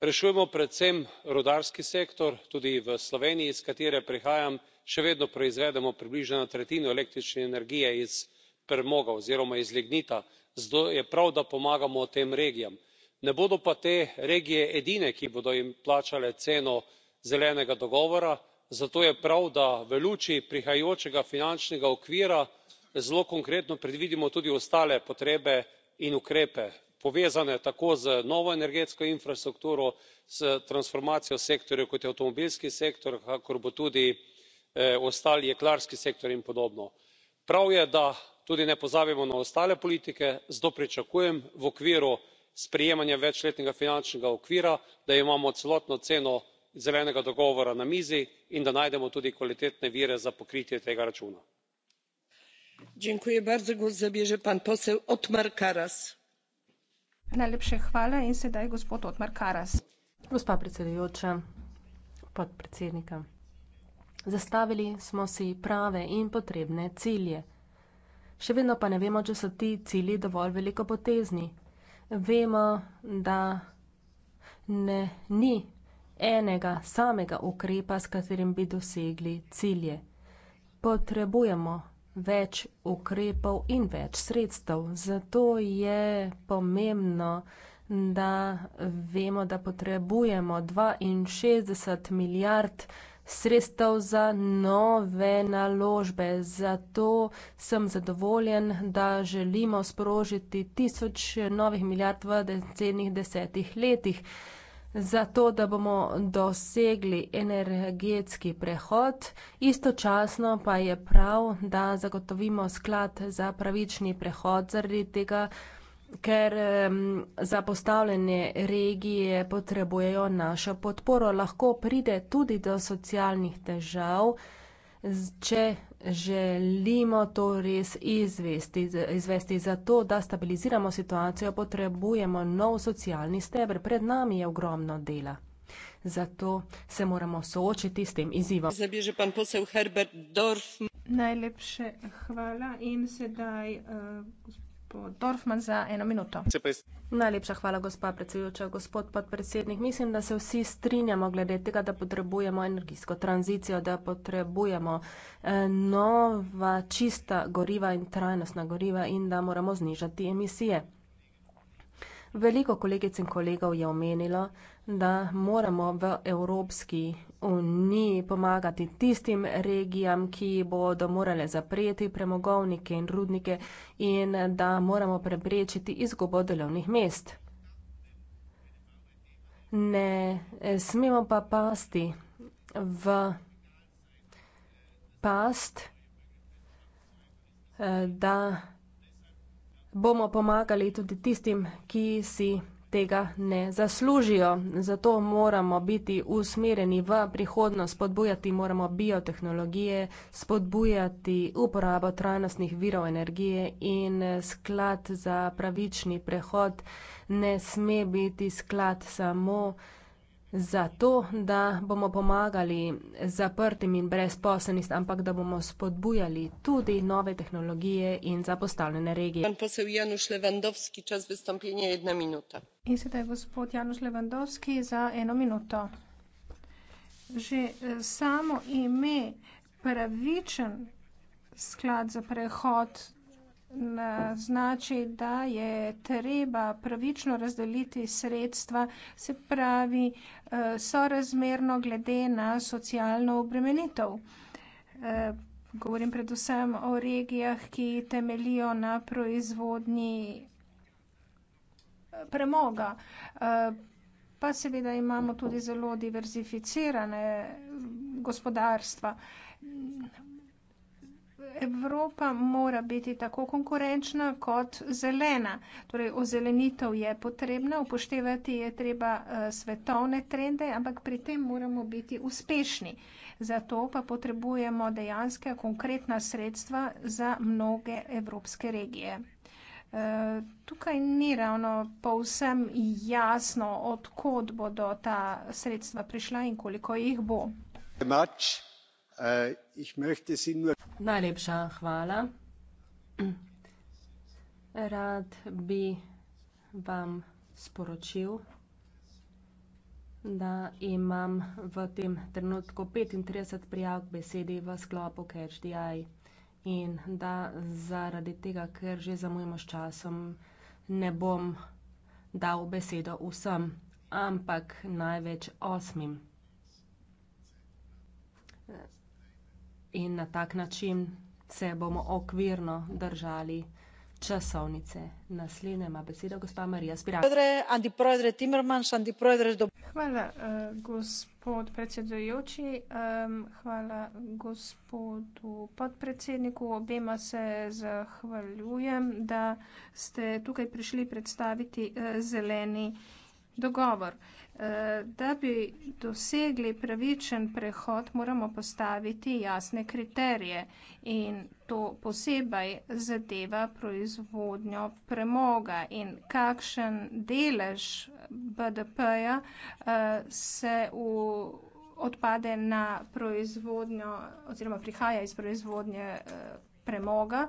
rešujemo predvsem rudarski sektor tudi v sloveniji iz katere prihajam še vedno proizvedemo približno eno tretjino električne energije iz premoga oziroma iz lignita zato je prav da pomagamo tem regijam ne bodo pa te regije edine ki bodo jim plačale ceno zelenega dogovora zato je prav da v luči prihajajočega finančnega okvira zelo konkretno predvidimo tudi ostale potrebe in ukrepe povezane tako z novo energetsko infrastrukturo s transformacijo sektorjev kot je avtomobilski sektor kakor bo tudi eh, ostali jeklarski sektor in podobno. prav je da tudi ne pozabimo na ostale politike zato pričakujem v okviru sprejemanje večletnega finančnega okvira da imamo celotno ceno zelenega dogovora na mizi in da najdemo tudi kvalitetne vire za pokritje tega računa. gospa predsedujoča podpredsednika zastavili smo si prave in potrebne cilje. še vedno pa ne vemo če so ti cilji dovolj velikopotezni vemo, da ne, ni enega samega ukrepa, s katerim bi dosegli cilje. Potrebujemo več ukrepov in več sredstev. Zato je pomembno, da vemo, da potrebujemo 62 milijard sredstev za nove naložbe. Zato sem zadovoljen, da želimo sprožiti tisoč novih milijard v naslednjih desetih letih. Zato, da bomo dosegli energetski prehod, istočasno pa je prav, da zagotovimo sklad za pravični prehod zaradi tega, Ker um, zapostavljene regije potrebujejo našo podporo, lahko pride tudi do socialnih težav, če želimo to res izvesti. izvesti. Zato, da stabiliziramo situacijo, potrebujemo nov socialni stebr. Pred nami je ogromno dela. Zato se moramo soočiti s tem izzivom. Zabiže pan posel Herbert Dorf. Najlepše hvala in sedaj. Uh, gospod Dorfman za eno minuto. Najlepša hvala, gospa predsedujoča, gospod podpredsednik. Mislim, da se vsi strinjamo glede tega, da potrebujemo energijsko tranzicijo, da potrebujemo eh, nova čista goriva in trajnostna goriva in da moramo znižati emisije. Veliko kolegic in kolegov je omenilo, da moramo v Evropski uniji pomagati tistim regijam, ki bodo morale zapreti premogovnike in rudnike in da moramo preprečiti izgubo delovnih mest. Ne smemo pa pasti v past, eh, da bomo pomagali tudi tistim, ki si tega ne zaslužijo. Zato moramo biti usmerjeni v prihodnost, spodbujati moramo biotehnologije, spodbujati uporabo trajnostnih virov energije in sklad za pravični prehod ne sme biti sklad samo zato, da bomo pomagali zaprtim in brezposlenim, ampak da bomo spodbujali tudi nove tehnologije in zapostavljene regije. In sedaj gospod Januš Levandovski za eno minuto. Že e, samo ime pravičen sklad za prehod naznači, da je treba pravično razdeliti sredstva, se pravi eh, sorazmerno glede na socialno obremenitev. Eh, govorim predvsem o regijah, ki temelijo na proizvodnji eh, premoga. Pa seveda imamo tudi zelo diverzificirane gospodarstva. Evropa mora biti tako konkurenčna kot zelena. Torej, ozelenitev je potrebna, upoštevati je treba eh, svetovne trende, ampak pri tem moramo biti uspešni. Zato pa potrebujemo dejanske konkretna sredstva za mnoge evropske regije. Eh, tukaj ni ravno povsem jasno, odkot bodo ta sredstva prišla in koliko jih bo. Hvala. Äh, Najlepša hvala. Rad bi vam sporočil, da imam v tem trenutku petintrideset prijav k besedi v sklopu Catch the eye in da zaradi tega, ker že zamujamo s časom, ne bom dal besedo vsem, ampak največ osmim in na tak način se bomo okvirno držali časovnice. Naslednja ima beseda gospa Marija Spiral. Hvala, eh, gospod predsedujoči. Hvala gospodu podpredsedniku. Obema se zahvaljujem, da ste tukaj prišli predstaviti eh, zeleni dogovor. Eh, da bi dosegli pravičen prehod, moramo postaviti jasne kriterije in to posebej zadeva proizvodnjo premoga in kakšen delež BDP-ja eh, se v odpade na proizvodnjo oziroma prihaja iz proizvodnje eh, premoga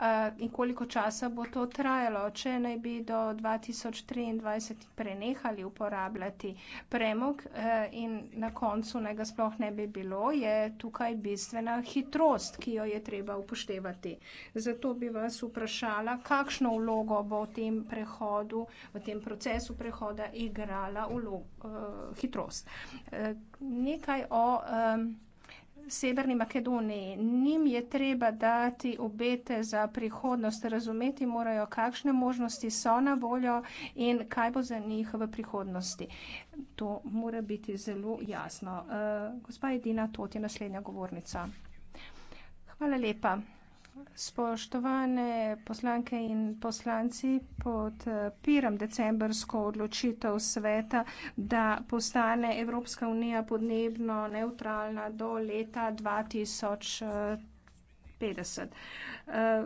eh, in koliko časa bo to trajalo, če naj bi do 2023 prenehali uporabljati premog eh, in na koncu ne ga sploh ne bi bilo, je tukaj bistvena hitrost, ki jo je treba upoštevati. Zato bi vas vprašala, kakšno vlogo bo v tem prehodu, v tem procesu prehoda igrala vlog, uh, eh, hitrost. Uh, nekaj o um, Severni Makedoniji. Nim je treba dati obete za prihodnost, razumeti morajo, kakšne možnosti so na voljo in kaj bo za njih v prihodnosti. To mora biti zelo jasno. Uh, gospa Edina Tot je naslednja govornica. Hvala lepa. Spoštovane poslanke in poslanci, podpiram eh, decembrsko odločitev sveta, da postane Evropska unija podnebno neutralna do leta 2050. Eh,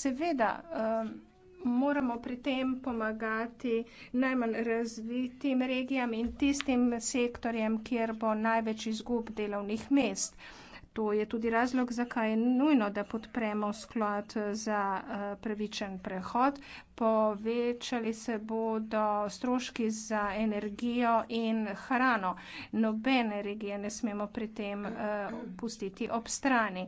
seveda eh, moramo pri tem pomagati najmanj razvitim regijam in tistim sektorjem, kjer bo največ izgub delovnih mest to je tudi razlog, zakaj je nujno, da podpremo sklad za eh, pravičen prehod. Povečali se bodo stroški za energijo in hrano. Nobene regije ne smemo pri tem uh, pustiti ob strani.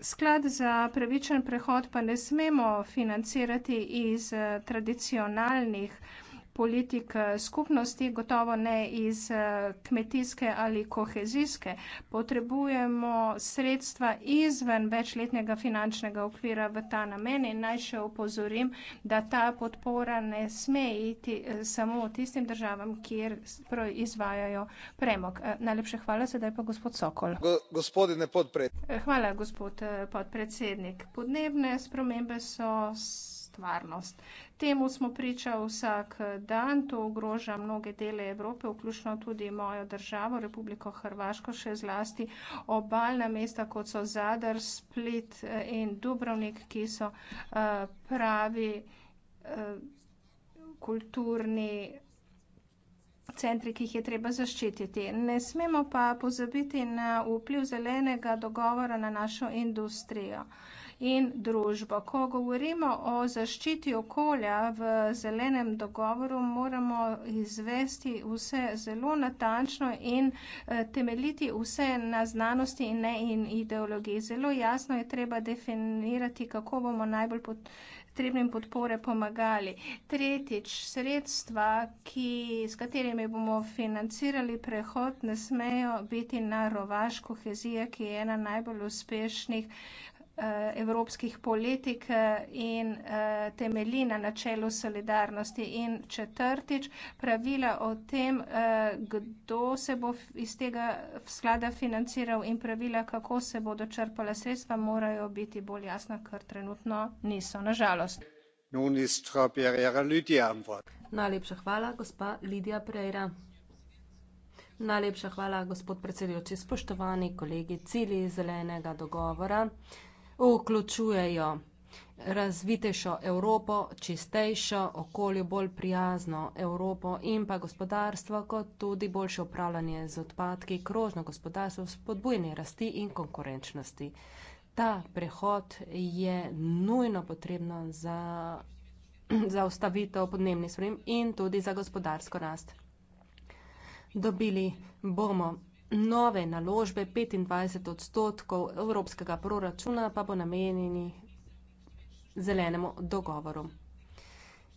Sklad za pravičen prehod pa ne smemo financirati iz uh, tradicionalnih uh, politik eh, skupnosti, gotovo ne iz eh, kmetijske ali kohezijske. Potrebujemo sredstva izven večletnega finančnega okvira v ta namen in naj še opozorim, da ta podpora ne sme iti eh, samo tistim državam, kjer proizvajajo premog. Najlepše hvala, sedaj pa gospod Sokol. Hvala, gospod podpredsednik. Podnebne spremembe so stvarnost. Temu smo priča vsak dan, to ogroža mnoge dele Evrope, vključno tudi mojo državo, Republiko Hrvaško, še zlasti obaljna mesta, kot so Zadar, Split eh, in Dubrovnik, ki so eh, pravi eh, kulturni centri, ki jih je treba zaščititi. Ne smemo pa pozabiti na vpliv zelenega dogovora na našo industrijo in družbo. Ko govorimo o zaščiti okolja v zelenem dogovoru, moramo izvesti vse zelo natančno in eh, temeljiti vse na znanosti in ne in ideologiji. Zelo jasno je treba definirati, kako bomo najbolj pot trebnim podpore pomagali. Tretjič, sredstva, ki, s katerimi bomo financirali prehod, ne smejo biti na rovaš kohezija, ki je ena najbolj uspešnih Eh, evropskih politik eh, in eh, temelji na načelu solidarnosti. In četrtič, pravila o tem, kdo se bo iz tega sklada financiral in pravila, kako se bodo črpala sredstva, morajo biti bolj jasna, ker trenutno niso, nažalost. Najlepša hvala, gospa Lidija Prejra. Najlepša hvala, gospod predsedujoči, spoštovani kolegi, cilji zelenega dogovora vključujejo razvitejšo Evropo, čistejšo okolju, bolj prijazno Evropo in pa gospodarstvo, kot tudi boljše upravljanje z odpadki, krožno gospodarstvo, spodbujanje rasti in konkurenčnosti. Ta prehod je nujno potrebno za [CLEARS THROAT] zaustavitev podnebnih sprememb in tudi za gospodarsko rast. Dobili bomo nove naložbe, 25 odstotkov evropskega proračuna pa bo namenjeni zelenemu dogovoru.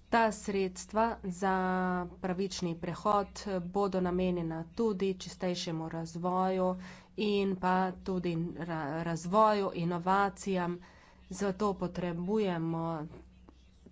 Ta sredstva za pravični prehod bodo namenjena tudi čistejšemu razvoju in pa tudi razvoju, inovacijam. Zato potrebujemo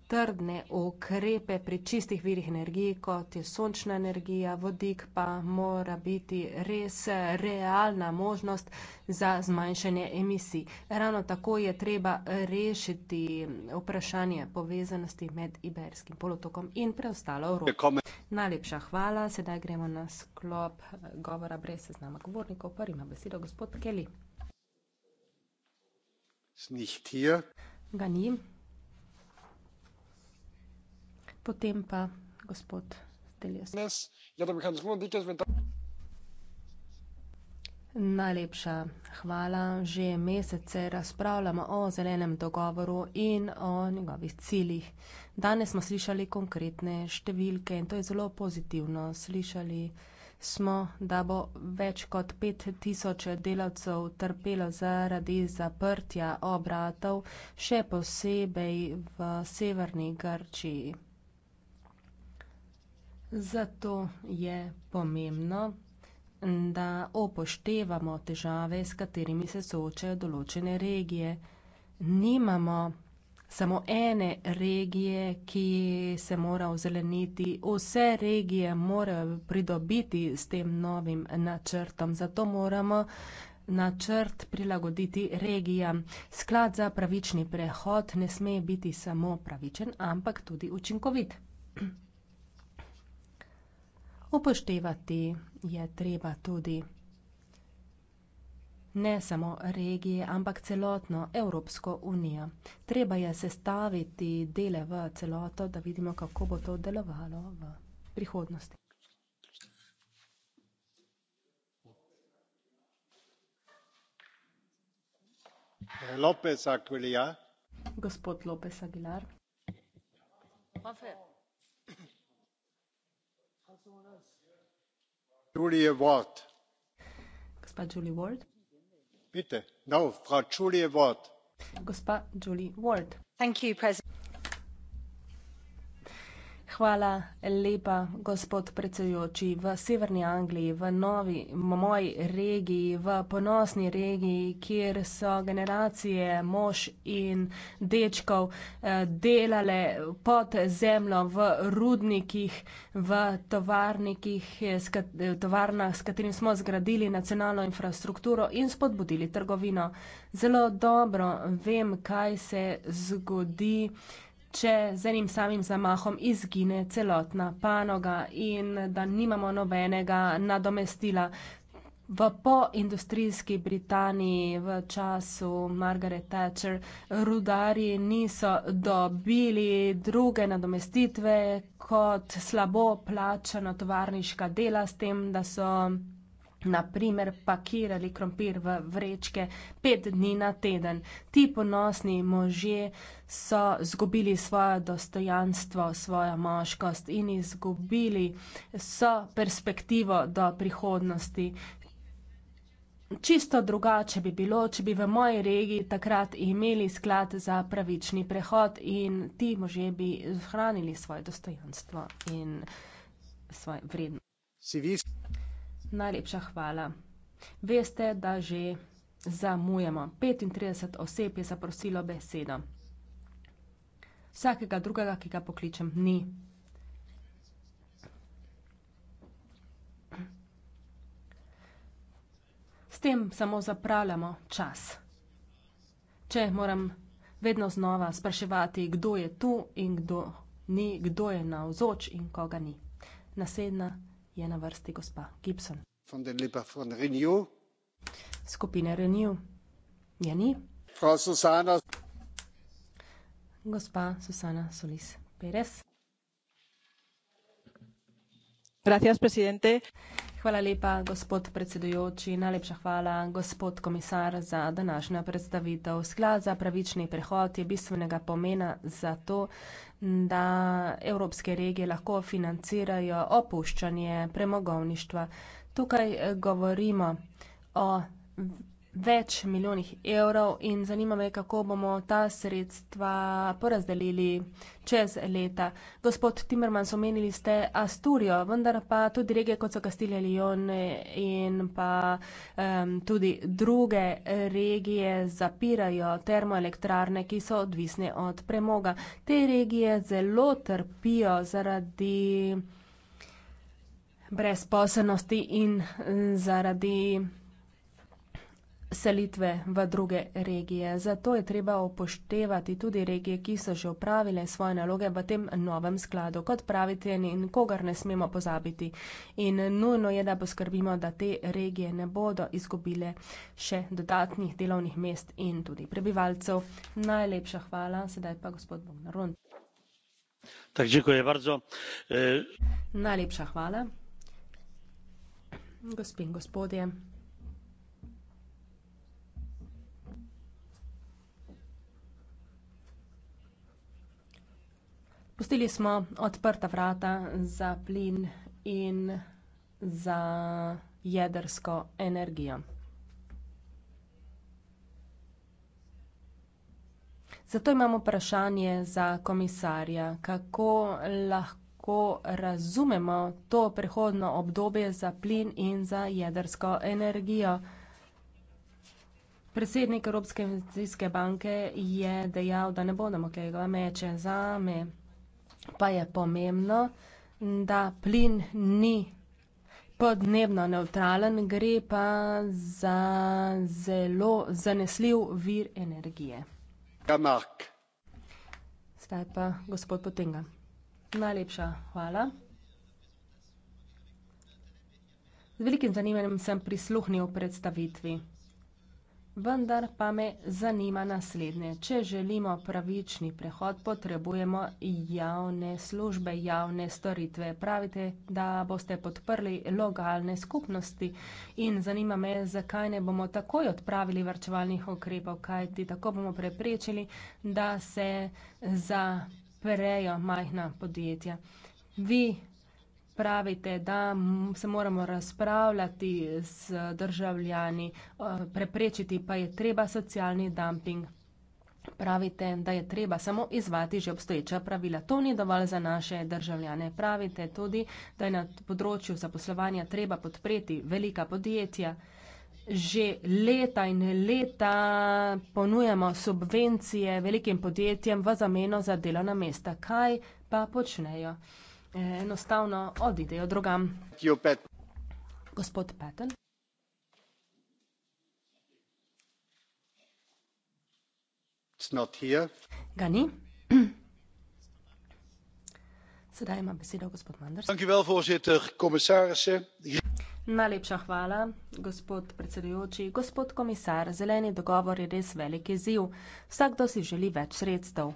trdne okrepe pri čistih virih energije, kot je sončna energija, vodik pa mora biti res realna možnost za zmanjšanje emisij. Ravno tako je treba rešiti vprašanje povezanosti med Iberskim polotokom in preostalo Evropo. Najlepša hvala, sedaj gremo na sklop govora brez seznama govornikov. Prvi ima besedo gospod Kelly. Ga ni potem pa gospod Delius. Ja, Najlepša hvala. Že mesece razpravljamo o zelenem dogovoru in o njegovih ciljih. Danes smo slišali konkretne številke in to je zelo pozitivno. Slišali smo, da bo več kot 5000 delavcev trpelo zaradi zaprtja obratov, še posebej v severni Grčiji. Zato je pomembno, da opoštevamo težave, s katerimi se soočajo določene regije. Nimamo samo ene regije, ki se mora ozeleniti. Vse regije morajo pridobiti s tem novim načrtom. Zato moramo načrt prilagoditi regijam. Sklad za pravični prehod ne sme biti samo pravičen, ampak tudi učinkovit. Upoštevati je treba tudi ne samo regije, ampak celotno Evropsko unijo. Treba je sestaviti dele v celoto, da vidimo, kako bo to delovalo v prihodnosti. Gospod Lopez Aguilar. gospa julie ward Hvala lepa, gospod predsedujoči. V Severni Angliji, v novi, moji regiji, v ponosni regiji, kjer so generacije mož in dečkov eh, delale pod zemljo v rudnikih, v tovarnikih, eh, eh, tovarnah, s katerim smo zgradili nacionalno infrastrukturo in spodbudili trgovino. Zelo dobro vem, kaj se zgodi, če z enim samim zamahom izgine celotna panoga in da nimamo nobenega nadomestila. V poindustrijski Britaniji v času Margaret Thatcher rudarji niso dobili druge nadomestitve kot slabo plačana tovarniška dela s tem, da so naprimer pakirali krompir v vrečke pet dni na teden. Ti ponosni možje so zgubili svoje dostojanstvo, svojo moškost in izgubili so perspektivo do prihodnosti. Čisto drugače bi bilo, če bi v moji regiji takrat imeli sklad za pravični prehod in ti možje bi zhranili svoje dostojanstvo in svoje vrednosti. Najlepša hvala. Veste, da že zamujamo. 35 oseb je zaprosilo besedo. Vsakega drugega, ki ga pokličem, ni. S tem samo zapravljamo čas. Če moram vedno znova spraševati, kdo je tu in kdo ni, kdo je navzoč in koga ni. Naslednja je na vrsti gospa Gibson. Von den Lipa von Renew. Skupine Renew. Je ni? Frau Susana. Gospa Susana Solis Perez. Hvala lepa, gospod predsedujoči. Najlepša hvala, gospod komisar, za današnjo predstavitev. Sklad za pravični prehod je bistvenega pomena za to, da evropske regije lahko financirajo opuščanje premogovništva. Tukaj eh, govorimo o več milijonih evrov in zanima me, kako bomo ta sredstva porazdelili čez leta. Gospod Timmermans, omenili ste Asturijo, vendar pa tudi regije, kot so Kastilja Lijon in pa um, tudi druge regije zapirajo termoelektrarne, ki so odvisne od premoga. Te regije zelo trpijo zaradi brezposobnosti in zaradi selitve v druge regije. Zato je treba upoštevati tudi regije, ki so že upravile svoje naloge v tem novem skladu, kot pravite, in kogar ne smemo pozabiti. In nujno je, da poskrbimo, da te regije ne bodo izgubile še dodatnih delovnih mest in tudi prebivalcev. Najlepša hvala, sedaj pa gospod Bognarun. E, Najlepša hvala. Gospod in gospodje. Pustili smo odprta vrata za plin in za jedrsko energijo. Zato imamo vprašanje za komisarja, kako lahko razumemo to prehodno obdobje za plin in za jedrsko energijo. Predsednik Evropske investicijske banke je dejal, da ne bodo mogli ga meče za me pa je pomembno, da plin ni podnebno neutralen, gre pa za zelo zanesljiv vir energije. Kamak. Ja, Zdaj pa gospod Potenga. Najlepša hvala. Z velikim zanimanjem sem prisluhnil predstavitvi. Vendar pa me zanima naslednje. Če želimo pravični prehod, potrebujemo javne službe, javne storitve. Pravite, da boste podprli lokalne skupnosti in zanima me, zakaj ne bomo takoj odpravili vrčevalnih ukrepov, kajti tako bomo preprečili, da se zaprejo majhna podjetja. Vi pravite, da se moramo razpravljati z državljani, eh, preprečiti pa je treba socialni dumping. Pravite, da je treba samo izvati že obstoječa pravila. To ni dovolj za naše državljane. Pravite tudi, da je na področju zaposlovanja treba podpreti velika podjetja. Že leta in leta ponujemo subvencije velikim podjetjem v zameno za delovna mesta. Kaj pa počnejo? Eh, enostavno odidejo drugam. Pet. Gospod Peten. Ga ni? [CLEARS THROAT] Sedaj ima besedo gospod Manders. Dankjewel, Najlepša hvala, gospod predsedujoči. Gospod komisar, zeleni dogovor je res velik izziv. Vsakdo si želi več sredstev.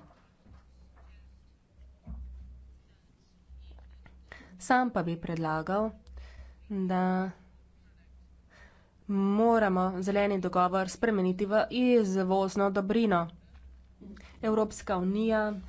Sam pa bi predlagal, da moramo zeleni dogovor spremeniti v izvozno dobrino. Evropska unija